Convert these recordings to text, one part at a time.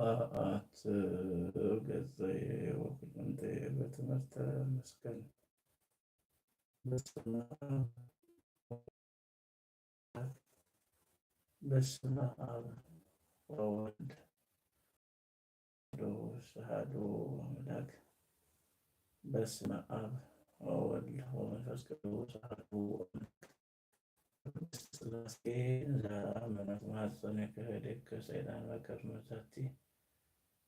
አት ገዛዬ ወኩንቴ በትምህርተ መስቀል በስመ አብ ወወልድ ቅዱስ አምላክ በስመ አብ ወወልድ ወመንፈስ ቅዱስ አሐዱ ስላሴ ዘአብ በመጽሐፀነ ክህድግ ሰይጣን በከርመታቲ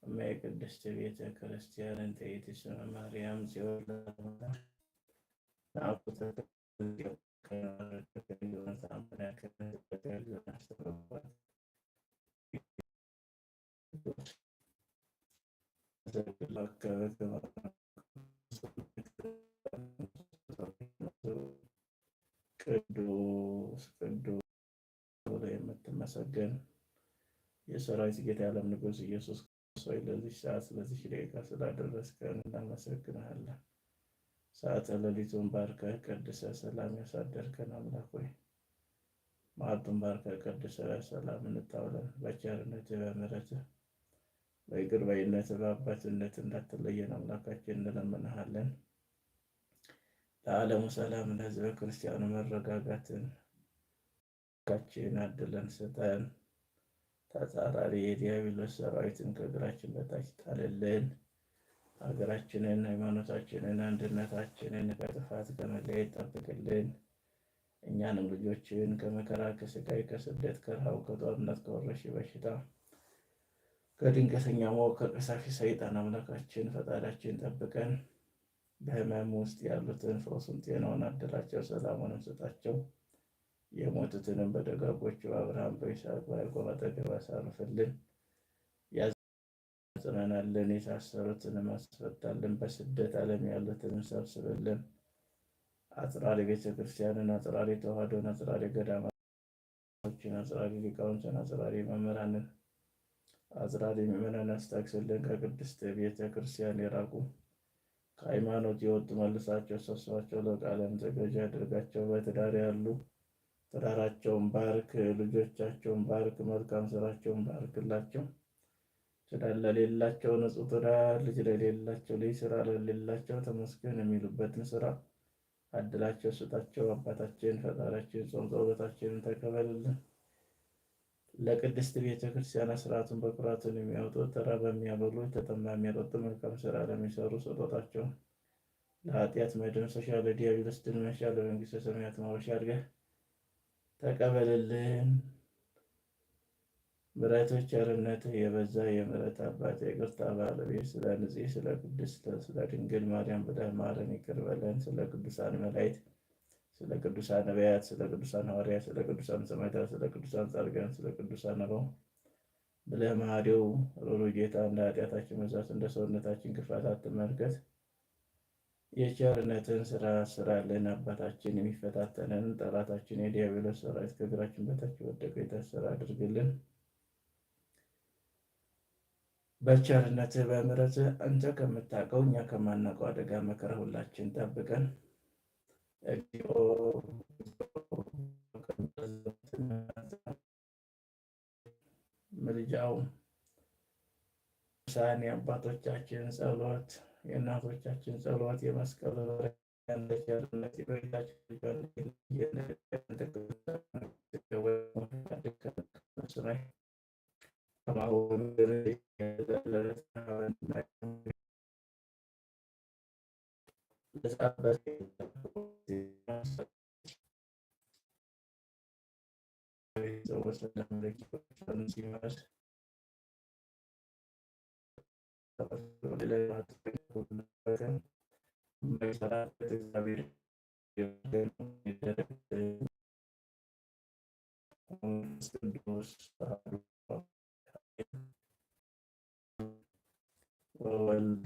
እማዬ ቅድስት ቤተ ክርስቲያን እንተ ይእትስመ ማርያም ጽዮን ለአብ ቅዱስ ቅዱስ ተብለ የምትመሰገን የሰራዊት ጌታ የዓለም ንጉስ ኢየሱስ ክርስቶስ ሆይ ለዚህ ሰዓት ለዚህ ደቂቃ ስላደረስከን እናመሰግንሃለን። ሰዓተ ሌሊቱን ባርከ ቀድሰህ ሰላም ያሳደርከን አምላክ ሆይ ማዕዱን ባርከ ቀድሰህ ሰላም እንታውለን። በቸርነትህ በምሕረትህ በይቅር ባይነትህ በአባትነት እንዳትለየን አምላካችን እንለምንሃለን። ለዓለሙ ሰላም ለሕዝበ ክርስቲያኑ መረጋጋትን ካችን አድለን ስጠን። ተጻራሪ የዲያብሎስ ሰራዊትን ከእግራችን በታች ጣልልን። ሀገራችንን፣ ሃይማኖታችንን፣ አንድነታችንን ከጥፋት ከመለየት ጠብቅልን። እኛንም ልጆችን ከመከራ፣ ከስቃይ፣ ከስደት፣ ከረሃብ፣ ከጦርነት፣ ከወረሽ በሽታ፣ ከድንገተኛ ሞት፣ ከቀሳፊ ሰይጣን አምላካችን ፈጣሪያችን ጠብቀን በህመም ውስጥ ያሉትን ፈውሱን፣ ጤናውን አድላቸው፣ ሰላሙንም ስጣቸው። የሞቱትንም በደጋጎቹ አብርሃም፣ በይስሐቅ በያዕቆብ አጠገብ አሳርፍልን። ያጽናናልን፣ የታሰሩትንም አስፈታልን፣ በስደት ዓለም ያሉትንም ሰብስብልን። አጽራሪ ቤተ ክርስቲያንን፣ አጽራሪ ተዋህዶን፣ አጽራሪ ገዳማቶችን፣ አጽራሪ ሊቃውንትን፣ አጽራሪ መምህራንን፣ አጽራሪ ምዕመናን አስታክስልን። ከቅድስት ቤተ ክርስቲያን የራቁ ከሃይማኖት የወጡ መልሳቸው ሰብስባቸው ለቃለ መጠየቅ አድርጋቸው። በትዳር ያሉ ትዳራቸውን ባርክ፣ ልጆቻቸውን ባርክ፣ መልካም ስራቸውን ባርክላቸው። ትዳር ለሌላቸው ንጹህ ትዳር፣ ልጅ ለሌላቸው ልጅ፣ ስራ ለሌላቸው ተመስገን የሚሉበትን ስራ አድላቸው፣ ስጣቸው። አባታችን ፈጣሪያችን ጾም ጸሎታችንን ተቀበልልን። ለቅድስት ቤተ ክርስቲያን ስርዓቱን በኩራትን የሚያወጡ ተራ በሚያበሉ ተጠማ የሚያጠጡ መልካም ስራ ለሚሰሩ ስጦታቸውን ለኃጢአት መደምሰሻ ለዲያብሎስ ድል መንሻ ለመንግስተ ሰማያት ማወሻ አድርገህ ተቀበልልን። ምሕረቶች ርነት የበዛ የምሕረት አባት የቅርታ ባለቤት ስለ ንጽሕት ስለ ቅድስት ስለ ድንግል ማርያም በደል ማረን፣ ይቅር በለን። ስለ ቅዱሳን መላእክት ስለ ቅዱሳን ነቢያት፣ ስለ ቅዱሳን ሐዋርያት፣ ስለ ቅዱሳን ሰማዕታት፣ ስለ ቅዱሳን ጻድቃን፣ ስለ ቅዱሳን አበው ብለህ መሐሪው ሮሮ ጌታ እንደ ኃጢአታችን መዛት እንደ ሰውነታችን ክፋት አትመልከት፣ የቸርነትን ስራ ስራልን። አባታችን የሚፈታተንን ጠላታችን የዲያብሎስ ሰራዊት ከእግራችን በታች ወደቀ የታሰረ አድርግልን። በቸርነት በምረት አንተ ከምታውቀው እኛ ከማናውቀው አደጋ መከራ ሁላችን ጠብቀን። ምልጃው ሳን የአባቶቻችን ጸሎት፣ የእናቶቻችን ጸሎት፣ የመስቀሉ ያለቻሉነት በላቸው So what's the number Well,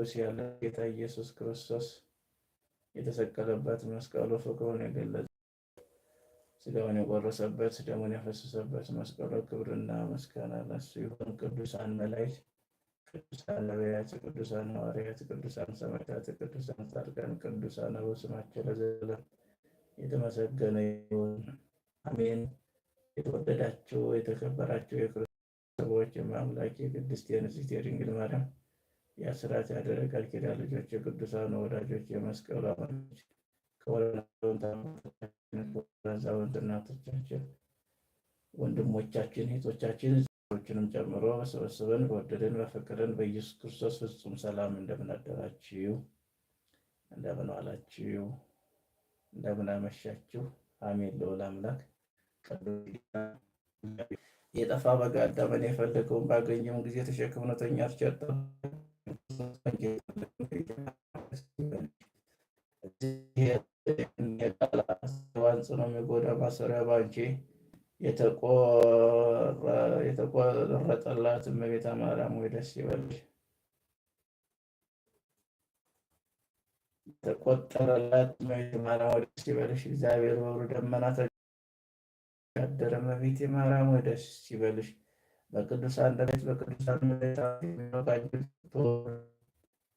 ንጉሥ ያለ ጌታ ኢየሱስ ክርስቶስ የተሰቀለበት መስቀሉ ፍቅሩን የገለጸ ስጋውን የቆረሰበት ደሙን ያፈሰሰበት መስቀሉ ክብርና ምስጋና ለሱ ይሁን። ቅዱሳን መላእክት፣ ቅዱሳን ነቢያት፣ ቅዱሳን ሐዋርያት፣ ቅዱሳን ሰማዕታት፣ ቅዱሳን ጻድቃን፣ ቅዱሳን አበው ስማቸው ለዘላለም የተመሰገነ ይሁን። አሜን። የተወደዳችሁ የተከበራችሁ የክርስቶስ ሰዎች የማምላክ የቅድስት ንጽሕት የድንግል ማርያም የአስራት ያደረ ቃል ኪዳን ልጆች የቅዱሳን ወዳጆች የመስቀሉ አማኞች ከወላዛውንት እናቶቻችን፣ ወንድሞቻችን፣ እህቶቻችን ዎችንም ጨምሮ በሰበሰበን በወደደን በፈቀደን በኢየሱስ ክርስቶስ ፍጹም ሰላም እንደምን አደራችሁ፣ እንደምን ዋላችሁ፣ እንደምን አመሻችሁ። አሜን። ልዑል አምላክ የጠፋ በጋ አዳምን የፈለገውን ባገኘውን ጊዜ ተሸክሞነተኛ አርቸጠ አንጽኖ የሚጎዳ ማሰሪያ ባንቺ የተቆረጠላት እመቤት ማርያም ወይ ደስ ይበልሽ። የተቆጠረላት እመቤት ማርያም ወይ ደስ ይበልሽ። እግዚአብሔር በብሩ ደመና ተሻደረ። እመቤት ማርያም ወይ ደስ ይበልሽ። በቅዱሳን ደቤት በቅዱሳን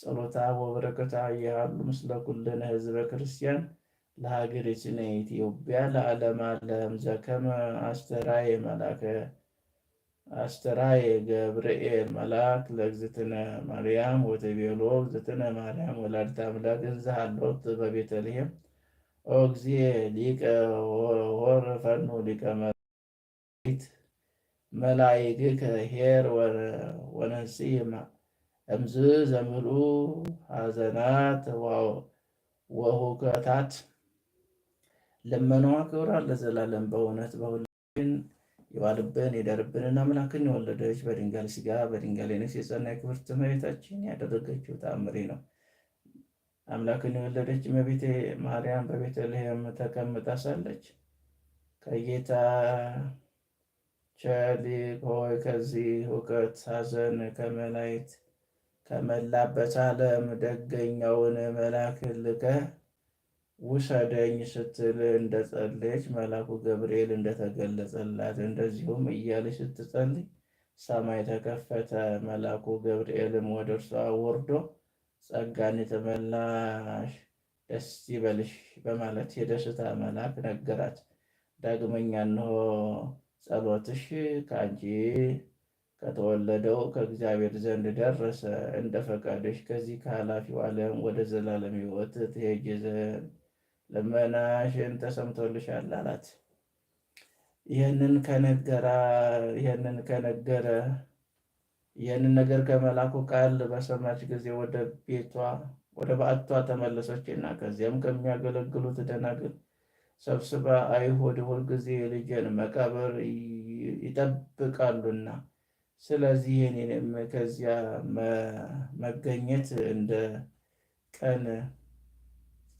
ጸሎታ ወበረከታ ያሉ ምስለ ኩልነ ህዝበ ክርስቲያን ለሀገሪቱነ ኢትዮጵያ ለዓለም ዓለም ዘከመ አስተራየ መላከ አስተራየ ገብርኤል መልአክ ለእግዝእትነ ማርያም ወተቤሎ እግዝእትነ ማርያም ወላዲተ አምላክ እንዝሃሎት በቤተልሔም ኦ እግዚእ ሊቀ ወርፈኑ ሊቀ መላእክት መላይክ ሄር ወነንስይ እምዝ ዘምህሉ ሐዘናት ወሁከታት ለመናዋ ክብራ ለዘላለም በእውነት በሁላችን የዋልብን የደርብንና አምላክን የወለደች በድንጋል ስጋ በድንጋል ነፍስ የጸና ክብርት እመቤታችን ያደረገችው ተአምሪ ነው። አምላክን የወለደች እመቤቴ ማርያም በቤተልሔም ተቀምጣ ሳለች ከጌታ ቸልቅ ሆይ ከዚህ ሁከት ሐዘን ከመላእክት ከመላበት ዓለም ደገኛውን መልአክ ልከህ ውሰደኝ ስትል እንደጸለየች መልአኩ ገብርኤል እንደተገለጸላት እንደዚሁም እያለች ስትጸልይ ሰማይ ተከፈተ። መልአኩ ገብርኤልም ወደ እርሷ ወርዶ ጸጋን የተመላሽ ደስ ይበልሽ በማለት የደስታ መልአክ ነገራት። ዳግመኛ እንሆ ጸሎትሽ ከአንቺ ከተወለደው ከእግዚአብሔር ዘንድ ደረሰ። እንደ ፈቃድሽ ከዚህ ከኃላፊው ዓለም ወደ ዘላለም ሕይወት ትሄጂ ዘንድ ልመናሽን ተሰምቶልሻል አላት። ይህንን ከነገራ ይህንን ከነገረ ይህንን ነገር ከመላኩ ቃል በሰማች ጊዜ ወደ ቤቷ ወደ በዓቷ ተመለሰች እና ከዚያም ከሚያገለግሉት ደናግል ሰብስባ አይሁድ ሁልጊዜ የልጄን መቃብር ይጠብቃሉና ስለዚህ እኔንም ከዚያ መገኘት እንደ ቀን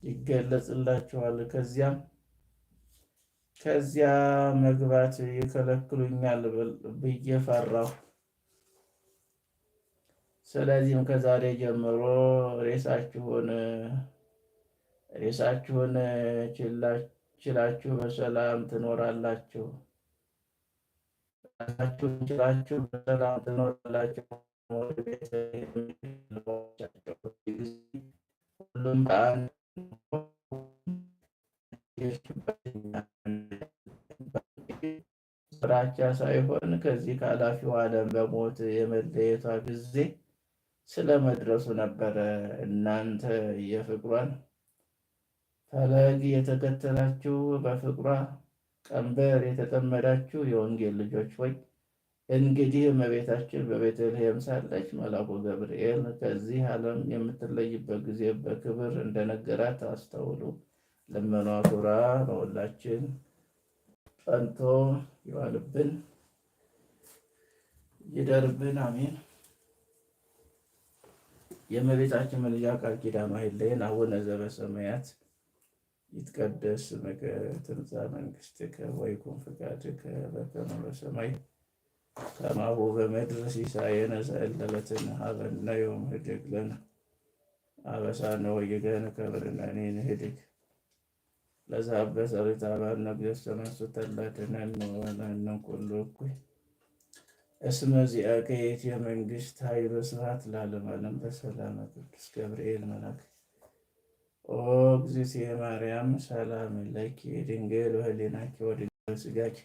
ይገለጽላችኋል። ከዚያም ከዚያ መግባት ይከለክሉኛል ብዬ ፈራሁ። ስለዚህም ከዛሬ ጀምሮ ሬሳችሁን ሬሳችሁን ችላችሁ በሰላም ትኖራላችሁ። ራሳችሁ ችላችሁ በሰላም ትኖራላችሁ። ሁሉም ፍራቻ ሳይሆን ከዚህ ከኃላፊው ዓለም በሞት የመለየቷ ጊዜ ስለመድረሱ ነበረ። እናንተ የፍቅሯን ፈለግ የተከተላችሁ በፍቅሯ ቀንበር የተጠመዳችሁ የወንጌል ልጆች ሆይ እንግዲህ እመቤታችን በቤተልሔም ሳለች መልአኩ ገብርኤል ከዚህ ዓለም የምትለይበት ጊዜ በክብር እንደነገራት አስተውሉ። ልመኗ ኩራ በሁላችን ጸንቶ ይዋልብን ይደርብን፣ አሜን። የእመቤታችን ምልጃ ቃል ኪዳኗ አይለየን። አቡነ ዘበሰማያት ይትቀደስ ስምከ ትምጻእ መንግሥትከ ወይኩን ፈቃድከ በከመ በሰማይ ከማሁ በምድር ሲሳየነ ዘለለዕለትነ ሀበነ ዮም ህድግ ለነ አበሳነ ወጌጋየነ ከመ ንሕነኒ ንህድግ ለዘአበ ሰሪት አባነ እግዚእስተ መንሱተ እላትነን ወመሐረነን ኩሉ እኩይ እስመ ዚአከ የእትየ መንግሥት ኃይል ወስብሐት ለዓለሙ ዓለም። በሰላም ቅዱስ ገብርኤል መልአክ ኦ እግዝእትየ ማርያም ሰላም ለኪ ድንግል ወህሊናኪ ወድንግል ስጋኪ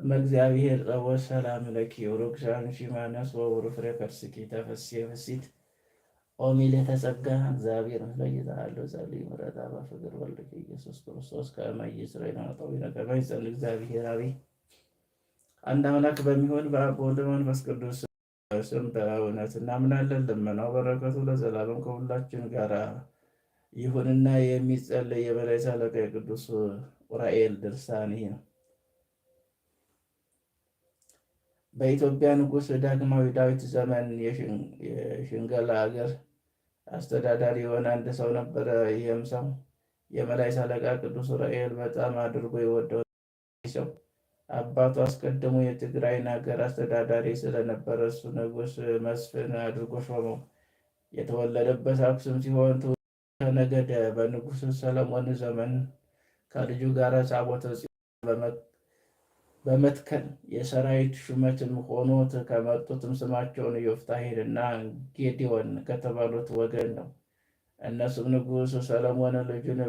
እመ እግዚአብሔር ጸወት ሰላም ለኪ ርኩሳንሺ ማነስ ወፍሬ ከርስኪ ተፈሥሒ ፍሥሕት ኦሚል ምልዕተ እግዚአብሔር ምስለ ይዛሃለሁ ጸልይ ምሕረት አባ ወልድ ኢየሱስ ክርስቶስ ከመ ይሥረይ ኃጣውኢነ ከመ እግዚአብሔር አብይ አንድ አምላክ በሚሆን በአብ ወወልድ በመንፈስ ቅዱስ ስም በእውነት እናምናለን። ልመናው በረከቱ ለዘላለም ከሁላችን ጋር ይሁንና የሚጸለይ የመላእክት አለቃ የቅዱስ ዑራኤል ድርሳን ይህ ነው። በኢትዮጵያ ንጉሥ ዳግማዊ ዳዊት ዘመን የሽንገላ ሀገር አስተዳዳሪ የሆነ አንድ ሰው ነበረ። ይህም ሰው የመላእክት አለቃ ቅዱስ ዑራኤል በጣም አድርጎ የወደው ሰው አባቱ አስቀድሞ የትግራይን ሀገር አስተዳዳሪ ስለነበረ እሱ ንጉሥ መስፍን አድርጎ ሾመው። የተወለደበት አክሱም ሲሆን ነገደ በንጉሥ ሰለሞን ዘመን ከልጁ ጋር ታቦተ ጽዮን በመትከል የሰራዊት ሹመትም ሆኖት ከመጡትም ስማቸውን ዮፍታሔና ጌዴዎን ከተባሉት ወገን ነው። እነሱም ንጉሥ ሰለሞን ልጁን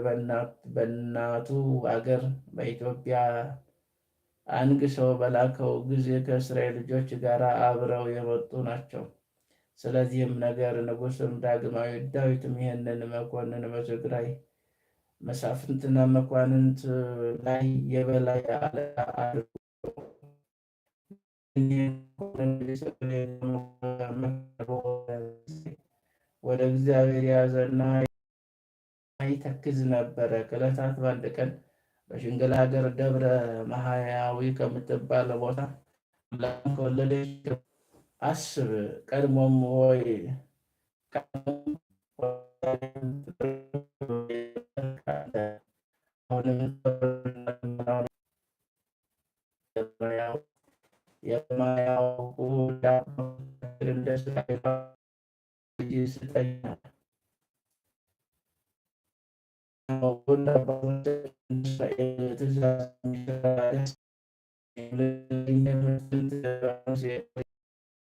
በእናቱ አገር በኢትዮጵያ አንግሰው በላከው ጊዜ ከእስራኤል ልጆች ጋር አብረው የመጡ ናቸው። ስለዚህም ነገር ንጉሥም ዳግማዊ ዳዊትም ይህንን መኮንን በትግራይ መሳፍንትና መኳንንት ላይ የበላይ አለቃ አድርጎ ወደ እግዚአብሔር የያዘና ይተክዝ ነበረ። ከዕለታት በአንድ ቀን በሽንግል ሀገር ደብረ መሀያዊ ከምትባለ ቦታ ከወለደች Asuh kalau mau maui, kalau mau